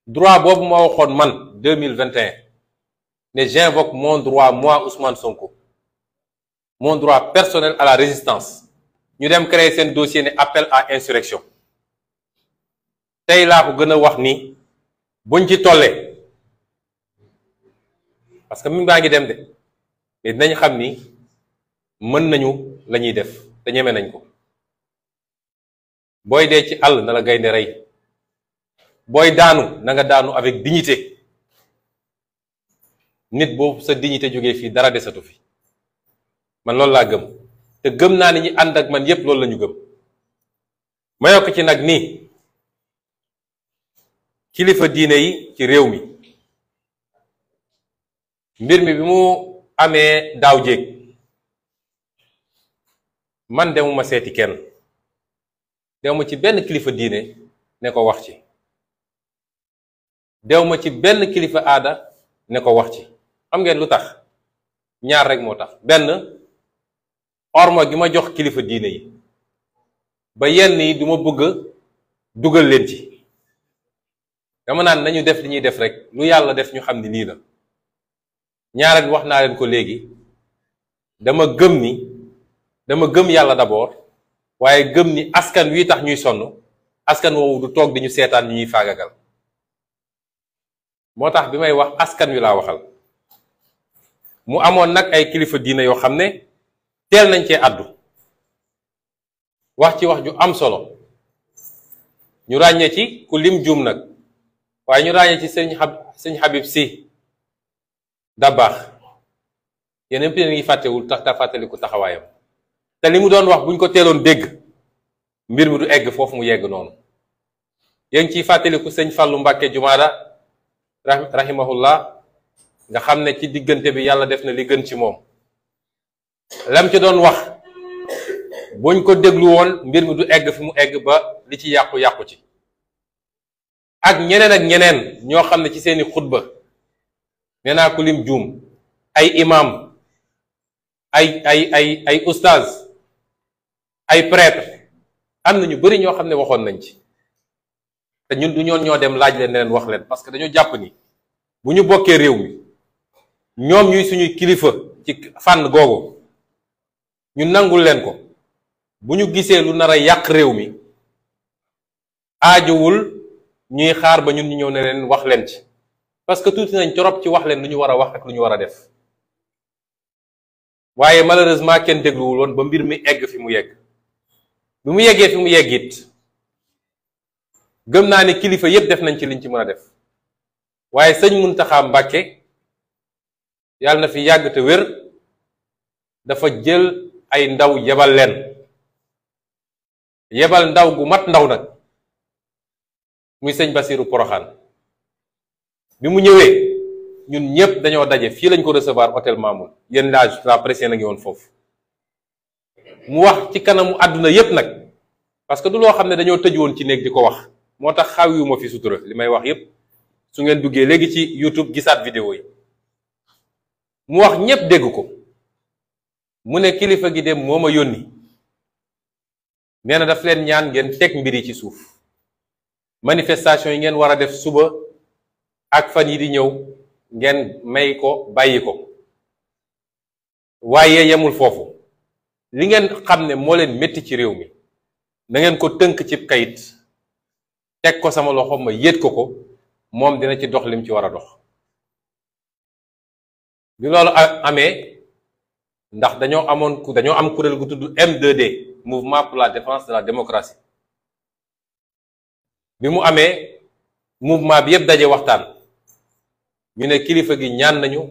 droit boobu ma waxoon man deux mille vingt et un ne j'invoque mon mois moi Ousmane Sonko mon droit personnel à la résistance ñu dem créer seen dossier ne appel à insurrection tey laa ko gën a wax ni buñ ci tollee parce que mi baa ngi dem de mais dinañ xam ni mën nañu la ñuy def te ñeme nañ ko. booy dee ci àll na la gaynde rey booy daanu na nga daanu avec dignité nit boobu sa dignité jógee fii dara desatu fi man loolu laa gëm te gëm naa ni ñi ànd ak man yépp loolu lañu gëm ma yokk ci nag nii kilifa diine yi ci réew mi mbir mi bi mu amee daaw jéeg man demuma seeti kenn dew ma ci benn kilifa diine ne ko wax ci dewma ci benn kilifa aada ne ko wax ci am ngeen lu tax ñaar rek moo tax benn orma gi ma jox kilifa diine yi ba yenn yi du ma bëgg dugal leen ci dama naan nañu def li ñuy def rek lu yàlla def ñu xam ni lii la ñaareel wax naa leen ko léegi dama gëm ni dama gëm yàlla d'abord waaye gëm ni askan wi tax ñuy sonn askan woowu du toog di ñu seetaan ñuy faagagal moo tax bi may wax askan wi laa waxal mu amoon nag ay kilifa diina yoo xam ne teel nañ cee àddu wax ci wax ju am solo ñu ràññee ci ku lim juum nag waaye ñu ràññee ci sëñ xab sëñ Habib si da baax yeneen ngi fàttewul tax ta fàttaliku taxawaayam te li mu doon wax buñ ko teeloon dégg mbir mi du egg foofu mu yegg noonu yañ ciy fàttaliku sëñ Fallou Mbacke Jumaada rahimahullah nga xam ne ci diggante bi yàlla def na li gën ci moom lam ci doon wax buñ ko dégluwoon mbir mi du egg fu mu egg ba li ci yàqu-yàqu ci ak ñeneen ak ñeneen ñoo xam ne ci seeni xutba nee naa ku juum ay imam ay ay ay ay ustaz ay prêtre am na ñu bëri ñoo xam ne waxoon nañ ci te ñun du ñoon ñoo dem laaj leen ne leen wax leen parce que dañoo jàpp ni bu ñu bokkee réew mi ñoom yu suñuy kilifa ci fànn googu ñu nangul leen ko bu ñu gisee lu nar a yàq réew mi aajowul ñuy xaar ba ñun ñu ñëw ne leen wax leen ci parce que tuuti nañ torop ci wax leen lu ñu war a wax ak lu ñu war a def waaye malheureusement kenn dégluwul woon ba mbir mi egg fi mu yegg bi mu yeggee fi mu yegg it gëm naa ne kilifa yépp def nañ ci liñ ci mën a def waaye sëñ Muntaxa Mbàkke yàlla na fi yàgg te wér dafa jël ay ndaw yebal leen yebal ndaw gu mat ndaw nag muy sëñ Basiiru Poroxaan bi mu ñëwee ñun ñépp dañoo daje fii lañ ko recevoir hôtel Mamoun yéen la presse na ngi woon foofu mu wax ci kanamu àdduna yépp nag parce que du loo xam ne dañoo tëj woon ci néeg di ko wax moo tax xaw yu fi sutura li may wax yépp su ngeen duggee léegi ci YouTube gisaat vidéo yi mu wax ñépp dégg ko mu ne kilifa gi dem moo ma yónni nee na daf leen ñaan ngeen teg mbir yi ci suuf manifestation yi ngeen war a def suba ak fan yi di ñëw ngeen may ko bàyyi ko waaye yemul foofu li ngeen xam ne moo leen métti ci réew mi na ko tënk ci kayit teg ko sama loxo ma yéet ko ko moom dina ci dox lim ci war a dox bi loolu amee ndax dañoo amoon ku dañoo am kuréel gu tudd m d mouvement pour la défense de la démocratie bi mu amee mouvement bi yëpp daje waxtaan ñu ne kilifa gi ñaan nañu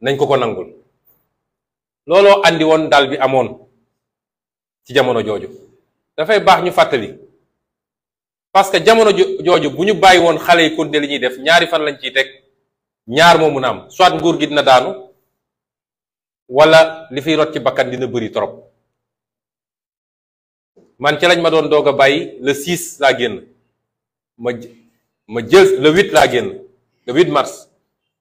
nañ ko ko nangul looloo andi woon daal bi amoon ci jamono jooju dafay baax ñu fàttali parce que jamono jooju bu ñu bàyyi woon xale yi continuer li ñuy def ñaari fan lañ ciy teg ñaar moomu mun am soit nguur gi dina daanu wala li fiy rot ci bakkan dina bëri trop man ci lañ ma doon doog a bàyyi le 6 laa génn ma jël le 8 laa génn le 8 mars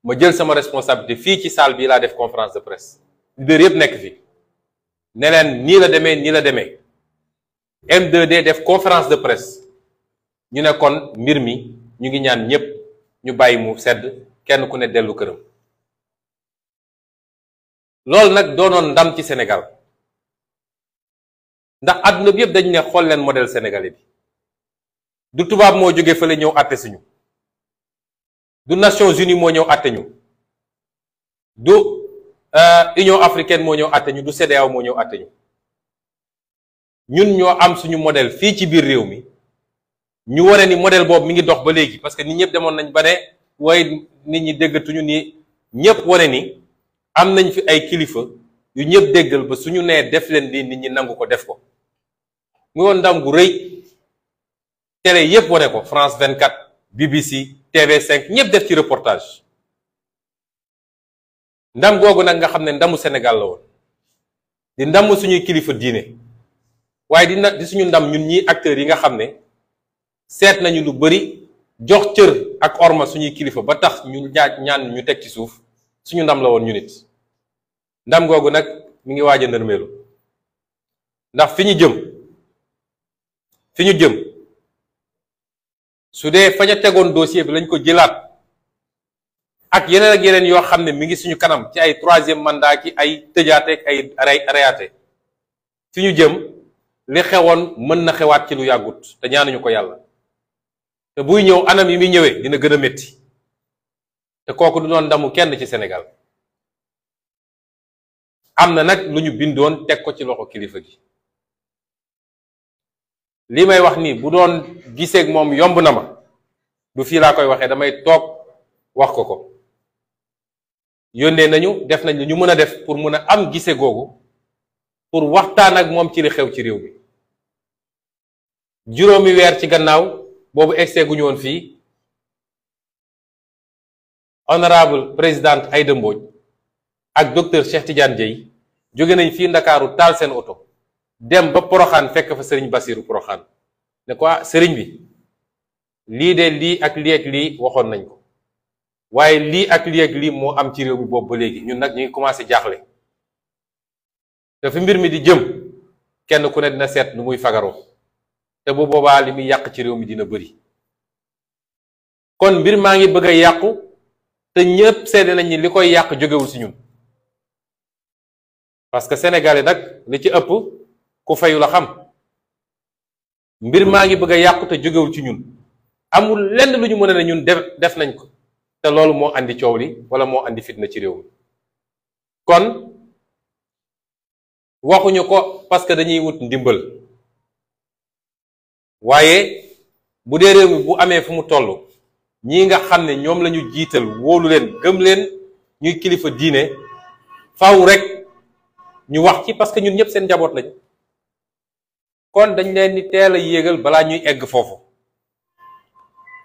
ma jël sama responsabilité fii ci salle bii laa def conférence de presse leader yëpp nekk fii ne nii la demee nii la demee m 2 def conférence de presse ñu ne kon mbir mi ñu ngi ñaan ñépp ñu bàyyi mu sedd kenn ku ne dellu këram loolu nag doonoon ndam ci senegal ndax àdduna bi yëpp dañu ne xool leen model sénégalais bi du tubaab moo jóge fële ñëw àtte suñu du Nations Unies moo ñëw àtte ñu du Euh, Union africaine moo ñëw àtte ñu du CEDEAO moo ñëw àtte ñu ñun ñoo am suñu modèle fii ci biir réew mi ñu wane ni modèle boobu mi ngi dox ba léegi parce que nit ñëpp demoon nañ ba ne waaye nit ñi déggatuñu nii ñëpp wane ni am nañ fi ay kilifa yu ñëpp déggal ba suñu nee def leen lii nit ñi nangu ko def ko mu woon ndam gu rëy télé yëpp wane ko France 24 BBC TV5 ñëpp def ci reportage ndam googu nag nga xam ne ndamu Sénégal la woon di ndamu suñuy kilifa diine waaye di nag di suñu ndam ñun ñii acteur yi nga xam ne seet nañu lu bari jox cër ak orma suñuy kilifa ba tax ñu ñaaj ñaan ñu teg ci suuf suñu ndam la woon ñu nit ndam googu nag mu ngi waaj a nërmeelu ndax fi ñu jëm fi ñu jëm su dee fañ a tegoon dossier bi lañ ko jëlaat ak yeneen ak yeneen yoo xam ne mi ngi suñu kanam ci ay troisième mandat ki ay tëjaateeg ay reyaate suñu jëm li xewoon mën na xewaat ci lu yàggut te ñaanuñu ko yàlla te buy ñëw anam yi muy ñëwee dina gën a métti te kooku du doon ndamu kenn ci senegal am na nag luñu ñu bindoon teg ko ci loxo kilifa gi lii may wax nii bu doon giseek moom yomb na ma du fii laa koy waxee damay toog wax ko ko yónnee nañu def nañ lu ñu mën a def pour mun a am gise googu pour waxtaan ak moom ci li xew ci réew bi juróomi weer ci gannaaw boobu egsee gu ñu woon fii honorable présidente Aïda Mbodj ak docteur Cheikh Tidiane Dieye jóge nañ fii ndakaaru taal seen oto dem ba Poroxaan fekk fa sëriñ Basiru Poroxaan ne ko ah sëriñ bi lii de lii ak lii ak lii waxoon nañ ko waaye lii ak lii ak lii moo am ci réew bu boobu ba léegi ñun nag ñu ngi commencé jaaxle te mbir mi di jëm kenn ku ne dina seet nu muy fagaroo te bu boobaa li muy yàq ci réew mi dina bëri kon mbir maa ngi bëgg a yàqu te ñëpp seede nañ li koy yàq jógewul ci ñun parce que sénégalais nag li ci ëpp ku fayu la xam mbir maa ngi bëgg a yàqu te jógewul ci ñun amul lenn lu ñu mën a ne ñun def def nañ ko te loolu moo indi coow li wala moo andi fitna ci réew kon waxuñu ko parce que dañuy wut ndimbal waaye bu dee réew bu amee fu mu toll ñi nga xam ne ñoom la jiital wóolu leen gëm leen ñuy kilifa diine faw rek ñu wax ci parce que ñun ñëpp seen njaboot lañ kon dañ leen di teel a yéegal balaa ñuy egg foofu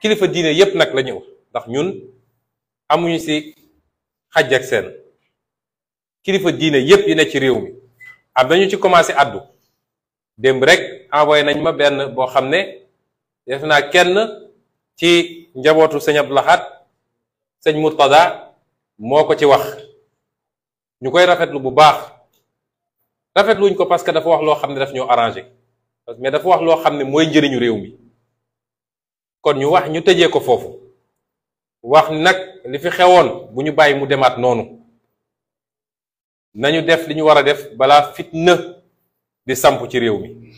kilifa diine yépp nag la ñu ndax ñun amuñu si xaj ak seen kilifa diine yépp yi ne ci réew mi am dañu ci commencé addu démb rek envoyé nañ ma benn boo xam ne def naa kenn ci njabootu sëñ Abdou Lahad sëñ Murtada moo ko ci wax ñu koy rafetlu bu baax rafetluñ ko parce que dafa wax loo xam ne daf ñoo arrangé mais dafa wax loo xam ne mooy njëriñu réew mi kon ñu wax ñu tëjee ko foofu wax nag li fi xewoon bu ñu bàyyi mu demaat noonu nañu def li ñu war a def balaa fitna di samp ci réew mi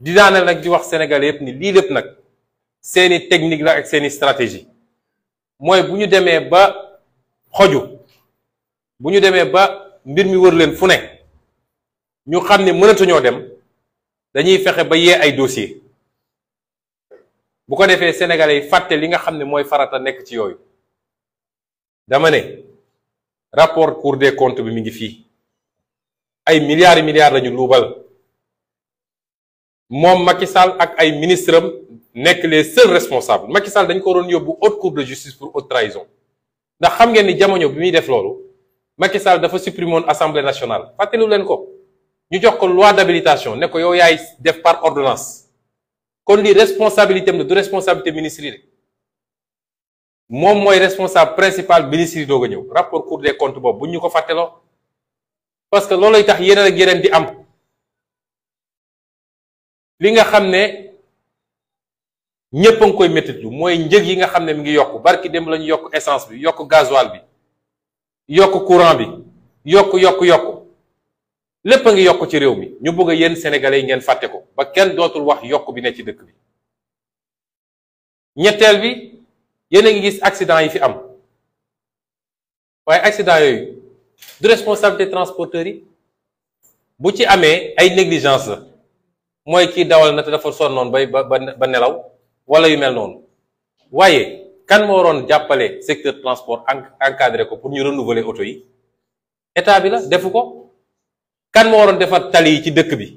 di daaneel nag di wax sénégalais yépp ni lii lépp nag seeni technique la ak seeni stratégie mooy bu ñu demee ba xoju bu ñu demee ba mbir mi wër leen fu ne ñu xam ne mënatuñoo dem dañuy fexe ba yee ay dossier bu ko defee sénégalais yi fàtte li nga xam ne mooy farata nekk ci yooyu dama ne rapport cour des comptes bi mu ngi fii ay milliards et milliards lañu luubal moom Macky Sall ak ay ministres am nekk les seuls responsables Macky Sall dañ ko doon yóbbu haute cour de justice pour haute trahison ndax xam ngeen ni jamono bi muy def loolu Macky Sall dafa supprimer woon assemblée nationale fàttelu leen ko ñu jox ko loi d'habilitation ne ko yow yaay def par ordonnance kon li responsabilité am na du responsabilité ministre yi moom mooy responsable principal ministre yi a ñëw rapport cour des comptes boobu bu ñu ko fàtteloo parce que loolay tax yeneen ak yeneen di am li nga xam ne ñëpp a ngi koy méttitlu mooy njëg yi nga xam ne mi ngi yokk barki démb lañu yokk essence bi yokk gasoil bi yokk courant bi yokk yokk yokk lépp a ngi yokk ci réew mi ñu bëgg yéen sénégalais yi ngeen fàtte ko ba kenn dootul wax yokk bi ne ci dëkk bi ñetteel bi yéen a ngi gis accident yi fi am waaye accident yooyu du responsabilité transporteurs yi bu ci amee ay négligence la mooy kii dawal na te dafa sonnoon bay ba ba nelaw wala yu mel noonu waaye kan moo waroon jàppale secteur transport encadré ko pour ñu renouveler oto yi état bi la defu ko kan moo waroon defar tali yi ci dëkk bi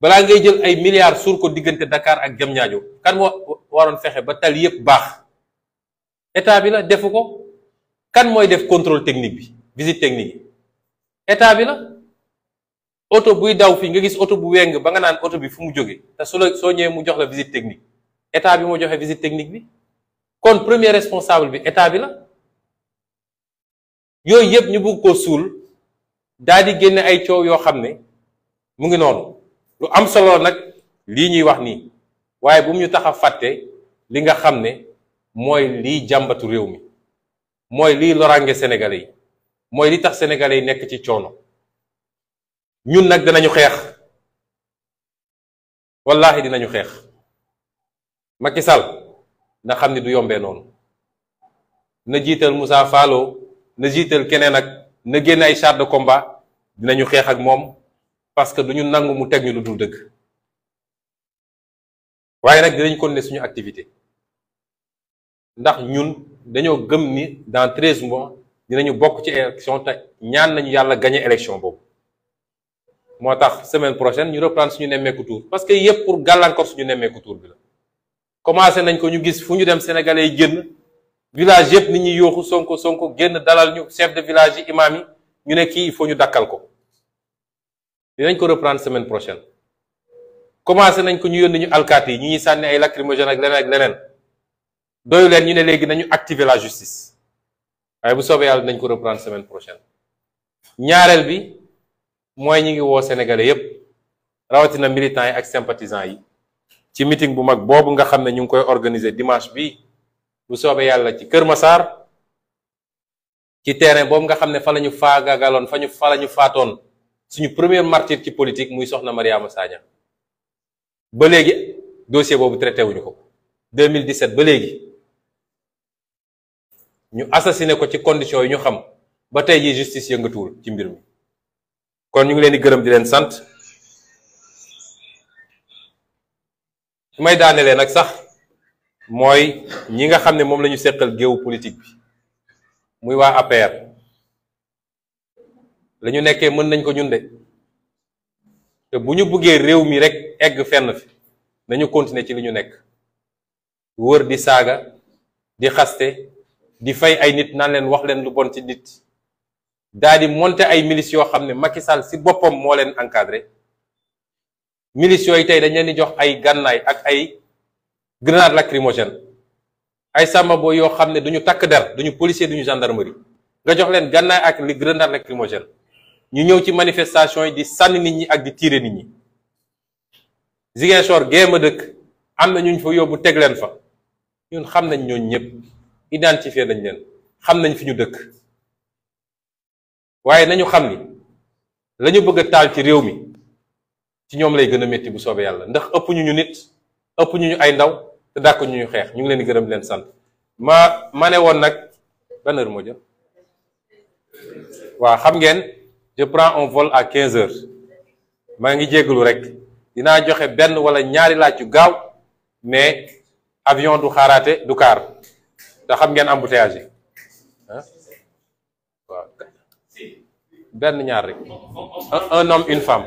balaa ngay jël ay milliards suur ko diggante ndakaar ak Diamniadio kan moo waroon fexe ba tali yëpp baax état bi la defu ko kan mooy def contrôle technique bi visite technique yi état bi la oto buy daw fii nga gis oto bu weng ba nga naan oto bi fu mu jógee te soo ñëwee mu jox la visite technique état bi moo joxe visite technique bi kon premier responsable bi état bi la yooyu yëpp ñu bugg ko suul. daal di génne ay coow yoo xam ne mu ngi noonu lu am solo nag lii ñuy wax nii waaye bu mu ñu tax a fàtte li nga xam ne mooy lii jàmbatu réew mi mooy lii loraange sénégalais yi mooy li tax sénégalais yi nekk ci coono ñun nag dinañu xeex wallaahi dinañu xeex Macky Sall na xam ni du yombee noonu na jiital Moussa Fallo na jiital keneen ak. na génn ay chars de combat dinañu xeex ak moom parce que du ñu nangu mu teg ñu lu dul dëgg waaye nag kon continuer suñu activité ndax ñun dañoo gëm ni dans treize mois dinañu bokk ci élection te ñaan nañu yàlla gagner élection boobu moo tax semaine prochaine ñu reprendre suñu nemmeeku tour parce que yëpp pour gàllankoor suñu nemmeeku tour bi la commencé nañ ko ñu gis fu ñu dem sénégalais génn village yëpp nit ñi yooxu sonk sonk génn dalal ñu chef de village yi imaam yi ñu ne kii il faut ñu dakkal ko dinañ ko reprendre semaine prochaine commencé nañ ko ñu yónni ñu alkaati yi ñu ñuy sànni ay lacrymogène ak leneen ak leneen doyu leen ñu ne léegi nañu activer la justice waaye bu soobee yàlla dinañ ko reprendre semaine prochaine ñaareel bi mooy ñi ngi woo sénégalais yépp rawatina militants yi ak sympathisants yi ci meeting bu mag boobu nga xam ne ñu ngi koy organiser dimanche bi bu soobee yàlla ci Kër Masaar ci terrain boobu nga xam ne fa la ñu faagagaloon fa ñu fa la ñu faatoon suñu premier martyr ci politique muy soxna Mariama Sagna ba léegi dossier boobu traité wuñu ko 2017 ba léegi ñu assassiné ko ci condition yi ñu xam ba tey jii nga yëngatuwul ci mbir mi kon ñu ngi leen di gërëm di leen sant may daanelee nag sax mooy ñi nga xam ne moom lañu ñu seqal géew politique bi muy waa APR lañu nekkee mën nañ ko ñun de te bu ñu buggee réew mi rek egg fenn fi nañu continuer ci li ñu nekk wër di saaga di xaste di fay ay nit naan leen wax leen lu bon ci nit daa di monter ay milices yoo xam ne Macky Sall si boppam moo leen encadré milices yooyu tey dañ leen di jox ay gànnaay ak ay grenade lacrymogène ay sàmba boo yoo xam ne duñu takk der duñu policier duñu gendarmerie nga jox leen gànnaay ak li grenade lacrymogène ñu ñëw ci manifestation yi di sànni nit ñi ak di tiire nit ñi Ziguinchor géem a dëkk am na ñu ñu fa yóbbu teg leen fa ñun xam nañ ñooñ ñëpp identifié nañ leen xam nañ fi ñu dëkk waaye nañu xam ni la ñu bëgg a taal ci réew mi ci ñoom lay gën a métti bu soobee yàlla ndax ëpp ñu ñu nit ëpp ñu ñu ay ndaw te dàkku ñuy xeex ñu ngi leen gërëm leen sant ma ma woon nag ban heure moo jëm xam ngeen je prends un vol à 15 heures maa ngi jégalu rek dinaa joxe benn wala ñaari laaj yu gaaw mais avion du xaaraate du kaar te xam ngeen embouteillage yi ah waaw benn ñaar rek un homme une femme.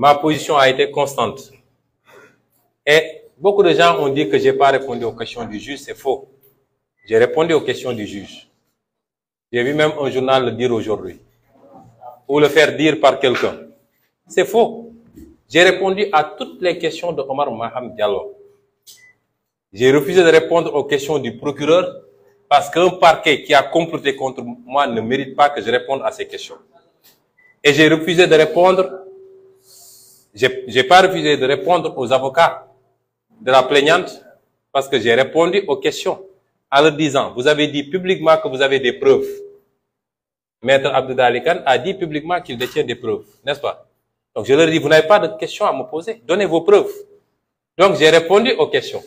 ma position a été constante. Et beaucoup de gens ont dit que j'ai pas répondu aux questions du juge, c'est faux. J'ai répondu aux questions du juge. J'ai vu même un journal le dire aujourd'hui, ou le faire dire par quelqu'un. C'est faux. J'ai répondu à toutes les questions de Omar Maham Diallo. J'ai refusé de répondre aux questions du procureur parce qu'un parquet qui a comploté contre moi ne mérite pas que je réponde à ces questions. Et j'ai refusé J'ai pas refusé de répondre aux avocats de la plaignante parce que j'ai répondu aux questions en leur disant, vous avez dit publiquement que vous avez des preuves. Maître Abdoulaye Khan a dit publiquement qu'il détient des preuves, n'est-ce pas je leur ai vous n'avez pas de questions à me poser, donnez vos preuves. Donc j'ai répondu aux questions.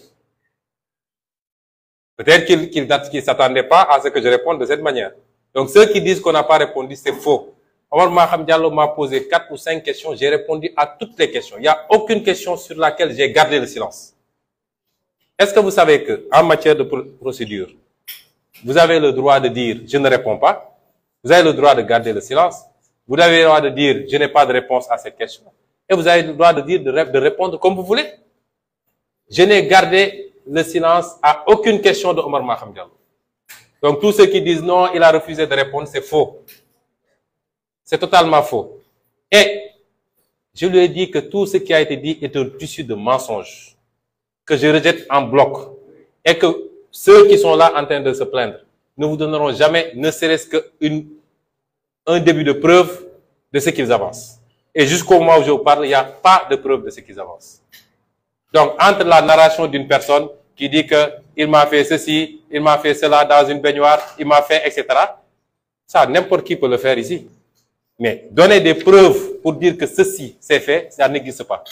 Peut-être qu'ils qu ne pas à ce que je réponde de cette manière. Donc ceux qui disent qu'on n'a pas Omar Maham Diallo m'a posé quatre ou cinq questions, j'ai répondu à toutes les questions. Il n'y a aucune question sur laquelle j'ai gardé le silence. Est-ce que vous savez que, en matière de procédure, vous avez le droit de dire je ne réponds pas, vous avez le droit de garder le silence, vous avez le droit de dire je n'ai pas de réponse à cette question, et vous avez le droit de répondre comme vous voulez. Je n'ai gardé le silence à aucune question de Omar Maham Diallo. Donc tous ceux qui disent C'est totalement faux. Et je lui ai dit que tout ce qui a été dit est un tissu de mensonges, que je rejette en bloc, et que ceux qui sont là en train de se plaindre ne vous donneront jamais, ne serait-ce qu'un début de preuve de ce qu'ils avancent. Et jusqu'au moment où je vous parle, il n'y a pas de preuve de ce qu'ils avancent. Donc, entre la narration d'une personne qui dit que il m'a fait ceci, il m'a fait cela dans une baignoire, il m'a fait, etc., ça, n'importe le faire Mais donner des preuves pour dire que ceci s'est fait, ça n'existe pas.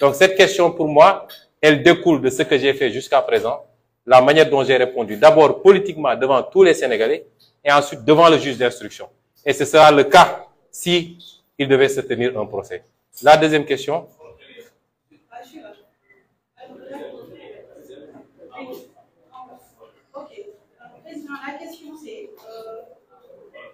Donc cette question, pour moi, elle découle de ce que j'ai fait jusqu'à présent, la manière dont j'ai répondu, d'abord politiquement devant tous les Sénégalais et ensuite devant le juge d'instruction. Et ce sera le cas si il devait se tenir un procès. La deuxième question,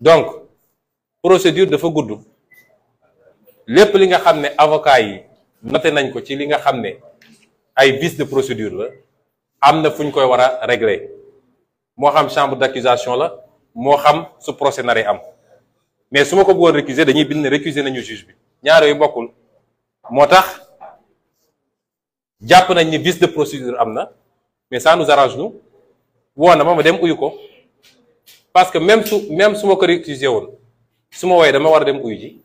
donc procédure dafa gudd lépp li nga xam ne avocat yi noté nañ ko ci li nga xam ne ay vices de procédure la am na fu ñu koy war a régler moo xam chambre d'accusation la moo xam su procès naree am mais su ma ko bëggoon récuser dañuy bind ne récuser nañu juge bi ñaar yu bokkul moo tax jàpp nañ ni vice de procédure am na mais ça nous arrange nous woo na ma ma dem uyu ko parce que même su même suma ko récusé woon su ma wooyee dama war a dem uyu ji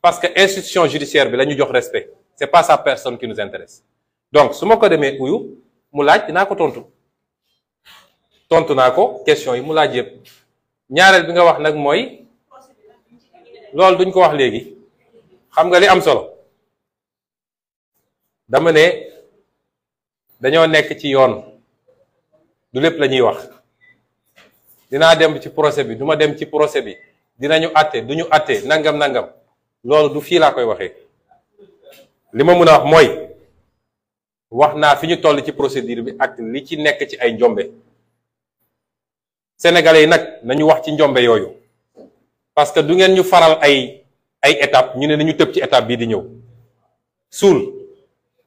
parce que institution judiciaire bi la ñu jox respect c'est pas sa personne qui nous intéresse donc su ma ko demee uyu mu laaj naa ko tontu tontu naa ko question yi mu laaj yëpp ñaareel bi nga wax nag mooy loolu duñ ko wax léegi xam nga li am solo dama ne dañoo nekk ci yoon du lépp la ñuy wax dinaa dem ci procès bi du ma dem ci procès bi dinañu àtte du ñu àtte nangam nangam loolu du fii laa koy waxee li ma mun a wax mooy wax naa fi ñu toll ci procédure bi ak li ci nekk ci ay njombe sénégalais yi nag nañu wax ci njombe yooyu parce que du ngeen ñu faral ay ay étape ñu ne nañu tëb ci étape bii di ñëw suul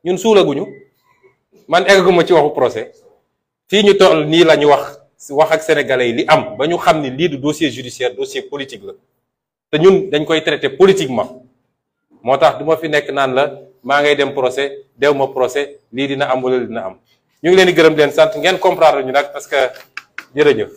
ñun suulaguñu man eggaguma ci waxu procès fii ñu toll nii la ñu wax wax ak sénégalais yi li am ba ñu xam ni lii du dossier judiciaire dossier politique la te ñun dañ koy traité politiquement moo tax du ma fi nekk naan la maa ngay dem procès dew ma procès lii dina am wala dina am ñu ngi leen di gërëm leen sant ngeen comprendre ñu nag parce que jërëjëf.